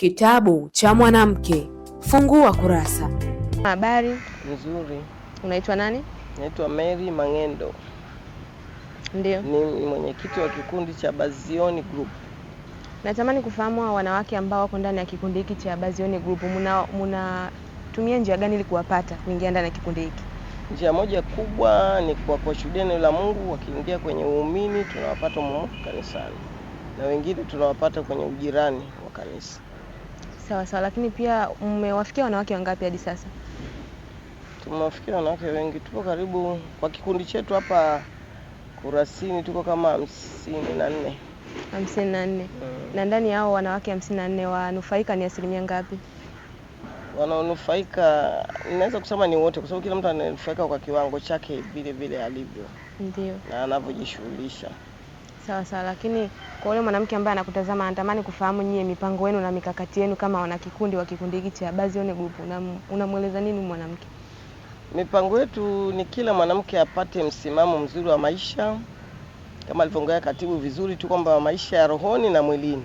Kitabu cha mwanamke fungua kurasa. Habari? Nzuri. Unaitwa nani? Naitwa Mary Mang'endo. Ndio. Ni mwenyekiti wa kikundi cha Bazioni Group. Natamani kufahamu wanawake ambao wako ndani ya kikundi hiki cha Bazioni Group mnatumia njia gani ili kuwapata kuingia ndani ya kikundi hiki? Njia moja kubwa ni kwa kuwashuhudia neno la Mungu. Wakiingia kwenye uumini, tunawapata mumo kanisani, na wengine tunawapata kwenye ujirani wa kanisa. Sawa sawa, lakini pia mmewafikia wanawake wangapi hadi sasa? Tumewafikia wanawake wengi, tupo karibu kwa kikundi chetu hapa Kurasini tuko kama hamsini na nne hamsini na nne hmm. Na ndani yao wanawake hamsini na nne wanufaika ni asilimia ngapi? Wanaonufaika inaweza kusema ni wote, kwa sababu kila mtu ananufaika kwa kiwango chake vile vile alivyo, ndio na anavyojishughulisha. Sawa sawa, lakini kwa yule mwanamke ambaye anakutazama anatamani kufahamu nyie mipango yenu na mikakati yenu kama wana kikundi wa kikundi hiki cha Baa Group, unamweleza nini mwanamke? Mipango yetu ni kila mwanamke apate msimamo mzuri wa maisha kama alivyoongea katibu vizuri tu kwamba maisha ya rohoni na mwilini,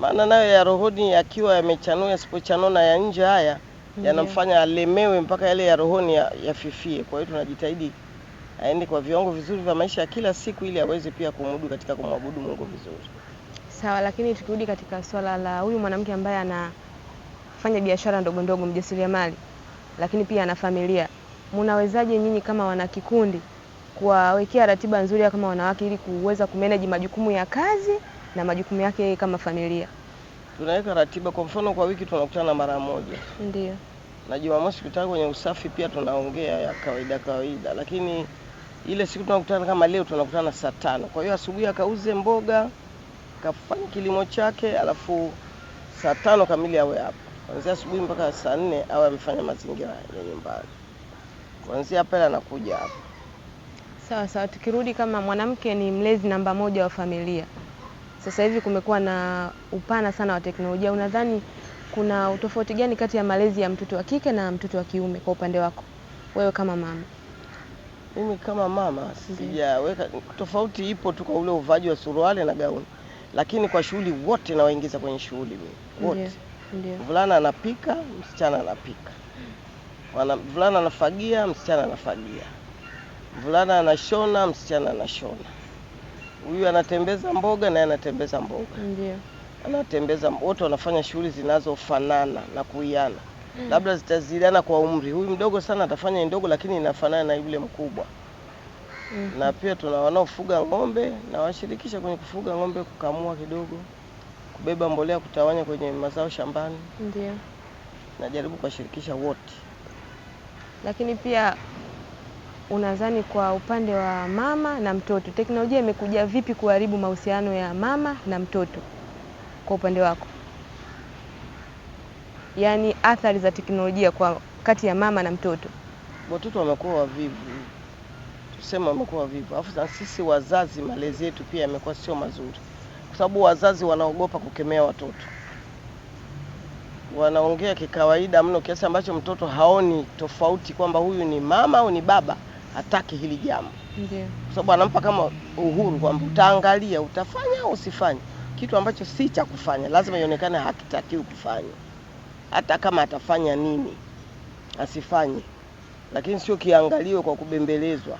maana nayo ya rohoni yakiwa yamechanua yasipochanua na ya nje haya yanamfanya alemewe mpaka yale ya rohoni yafifie. Kwa hiyo tunajitahidi aende kwa viwango vizuri vya maisha ya kila siku, ili aweze pia kumudu katika kumwabudu Mungu vizuri. Sawa, lakini tukirudi katika swala la huyu mwanamke ambaye anafanya biashara ndogo ndogo, mjasiriamali, lakini pia ana familia, mnawezaje nyinyi kama wanakikundi kuwawekea ratiba nzuri kama wanawake ili kuweza kumanage majukumu ya kazi na majukumu yake kama familia? Tunaweka ratiba, kwa mfano kwa wiki tunakutana mara moja, ndio na Jumamosi kutaka kwenye usafi pia tunaongea ya kawaida kawaida, lakini ile siku tunakutana kama leo tunakutana saa tano. Kwa hiyo asubuhi akauze mboga, kafanya kilimo chake, alafu saa tano kamili awe hapa. Kuanzia asubuhi mpaka saa nne awe amefanya mazingira ya nyumbani. Kuanzia pale anakuja hapa. Sawa sawa, tukirudi kama mwanamke ni mlezi namba moja wa familia. Sasa hivi kumekuwa na upana sana wa teknolojia. Unadhani kuna utofauti gani kati ya malezi ya mtoto wa kike na mtoto wa kiume kwa upande wako wewe kama mama? Mimi kama mama mm. sijaweka tofauti, ipo tu kwa ule uvaji wa suruali na gauni, lakini kwa shughuli wote nawaingiza kwenye shughuli mimi wote. Mvulana anapika, msichana anapika, mvulana anafagia, msichana anafagia, mvulana anashona, msichana anashona, huyu anatembeza mboga, naye anatembeza mboga, ndio anatembeza, wote wanafanya shughuli zinazofanana na kuiana. Mm. labda zitazidiana kwa umri. Huyu mdogo sana atafanya ndogo, lakini inafanana na yule mkubwa mm. na pia tuna wanaofuga ng'ombe na washirikisha kwenye kufuga ng'ombe, kukamua kidogo, kubeba mbolea, kutawanya kwenye mazao shambani, ndio najaribu kuwashirikisha wote. Lakini pia unadhani kwa upande wa mama na mtoto teknolojia imekuja vipi kuharibu mahusiano ya mama na mtoto kwa upande wako? yani athari za teknolojia kwa kati ya mama na mtoto. Watoto wamekuwa wavivu, tuseme wamekuwa wavivu, alafu na sisi wazazi malezi yetu pia yamekuwa sio mazuri, kwa sababu wazazi wanaogopa kukemea watoto, wanaongea kikawaida mno kiasi ambacho mtoto haoni tofauti kwamba huyu ni mama au ni baba, hataki hili jambo kwa sababu anampa kama uhuru kwamba utaangalia, utafanya au usifanye, kitu ambacho si cha kufanya, lazima ionekane hakitakiwi kufanya hata kama atafanya nini asifanye, lakini sio kiangalio kwa kubembelezwa.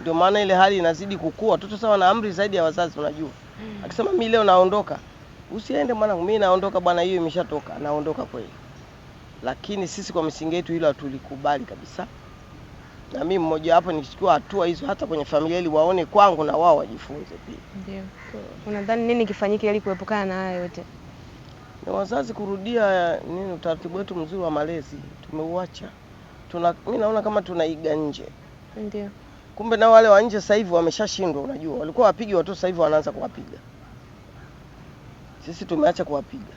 Ndio maana ile hali inazidi kukua. Watoto sawa na amri zaidi ya wazazi, unajua hmm. Akisema mimi leo naondoka, usiende mwanangu, mimi naondoka bwana, hiyo imeshatoka, naondoka kweli. Lakini sisi kwa misingi yetu hilo hatulikubali kabisa, na mimi mmoja wapo nikichukua hatua hizo hata kwenye familia ili waone kwangu na wao wajifunze pia. Ndio. Unadhani nini kifanyike ili kuepukana na haya yote? ni wazazi kurudia nini utaratibu wetu mzuri wa malezi tumeuacha. Tuna, mimi naona kama tunaiga nje. Ndio. Kumbe na wale wa nje sasa hivi wameshashindwa, unajua walikuwa wapigi watu, sasa hivi wanaanza kuwapiga. Sisi tumeacha kuwapiga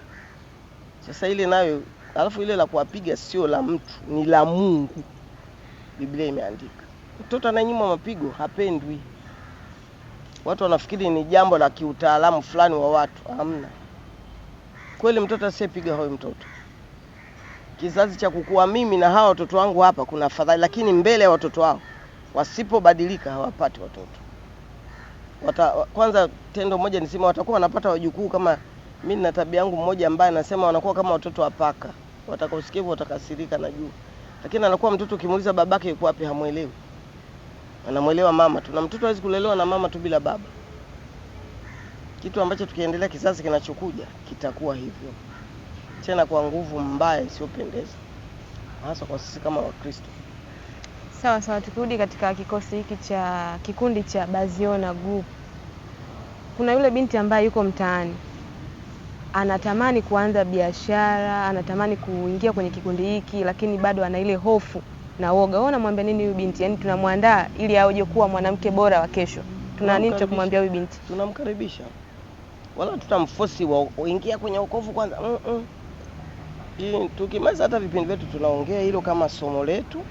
sasa, ile nayo alafu ile la kuwapiga sio la mtu, ni la Mungu. Biblia imeandika mtoto ananyimwa mapigo hapendwi. Watu wanafikiri ni jambo la kiutaalamu fulani wa watu, hamna kweli mtoto asiyepiga huyu mtoto. Kizazi cha kukua mimi na hawa watoto wangu hapa kuna afadhali, lakini mbele ya watoto wao wasipobadilika hawapati watoto wata, kwanza tendo moja nisema watakuwa wanapata wajukuu kama mi na tabia yangu mmoja ambaye anasema wanakuwa kama watoto wa paka, watakosikivu watakasirika, najua, lakini anakuwa mtoto ukimuuliza babake yuko wapi hamwelewi, anamwelewa mama tu, na mtoto hawezi kulelewa na mama tu bila baba kitu ambacho tukiendelea kizazi kinachokuja kitakuwa hivyo tena kwa nguvu mbaya isiyopendeza, hasa kwa sisi kama Wakristo. Sawa sawa, tukirudi katika kikosi hiki cha kikundi cha Baziona Group, kuna yule binti ambaye yuko mtaani anatamani kuanza biashara, anatamani kuingia kwenye kikundi hiki, lakini bado ana ile hofu na woga. Wewe unamwambia nini huyu binti? Yaani tunamwandaa ili aje kuwa mwanamke bora wa kesho, tuna nini cha kumwambia huyu binti? Tunamkaribisha wala tutamfosi waingia kwenye wokovu kwanza. mm -mm. Tukimaliza hata vipindi vyetu tunaongea hilo kama somo letu.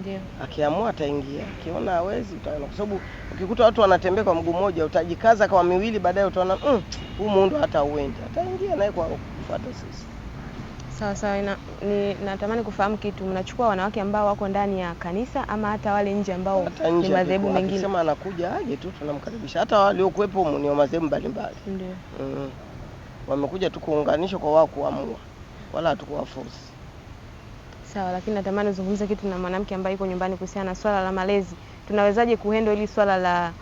Ndiyo. Akiamua ataingia, akiona hawezi utaona, kwa sababu ukikuta watu wanatembea kwa mguu mmoja utajikaza kwa miwili, baadaye utaona mm, huu mm, muundo hata uende, ataingia naye kwa kufuata sisi. Sawa sawa, na, ni, natamani kufahamu kitu, mnachukua wanawake ambao wako ndani ya kanisa ama hata wale nje ambao ni madhehebu mengine? Sema anakuja aje tu tunamkaribisha, hata waliokuwepo ni wa madhehebu mbalimbali. Ndio. Mm. Wamekuja tu kuunganisha kwa wao kuamua, wala hatukuwaforce. Sawa, lakini natamani uzungumze kitu na mwanamke ambaye yuko nyumbani kuhusiana na swala la malezi. Tunawezaje kuhendo hili swala la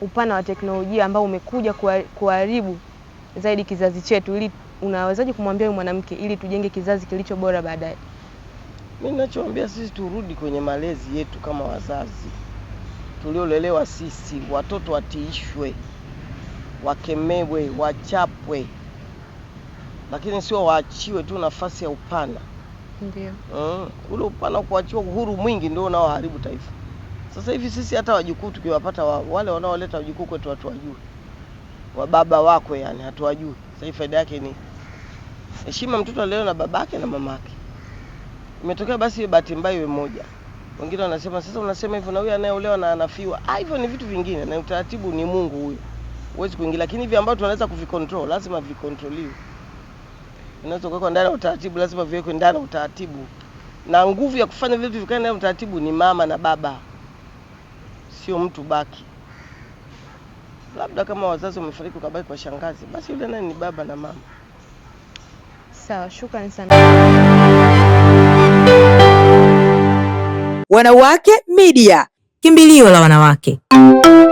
upana wa teknolojia ambao umekuja kuharibu zaidi kizazi chetu ili unawezaje kumwambia huyu mwanamke ili tujenge kizazi kilicho bora baadaye? Mi ninachoambia sisi turudi kwenye malezi yetu kama wazazi tuliolelewa sisi, watoto watiishwe, wakemewe, wachapwe, lakini sio waachiwe tu nafasi ya upana. Ndio. Mm, ule upana kuachiwa uhuru mwingi ndio unaoharibu taifa. Sasa hivi sisi hata wajukuu tukiwapata wa, wale wanaoleta wajukuu kwetu hatuwajui, wababa wakwe yani hatuwajui hii faida yake ni heshima mtoto alio na babake na mamake. Imetokea basi bahati mbaya iwe moja, wengine wanasema sasa, unasema hivyo na huyu anayeolewa na anafiwa. Ah, hivyo ni vitu vingine, na utaratibu ni Mungu huyo, huwezi kuingilia, Lakini hivi ambavyo tunaweza kuvicontrol, lazima vikontroliwe, Unaweza kuwekwa ndani ya utaratibu, lazima viwekwe ndani ya utaratibu, na nguvu ya kufanya vitu vikae ndani ya utaratibu ni mama na baba, sio mtu baki labda kama wazazi wamefariki ukabaki kwa shangazi, basi yule naye ni baba na mama. Sawa, shukrani sana. Wanawake Media, kimbilio la wanawake.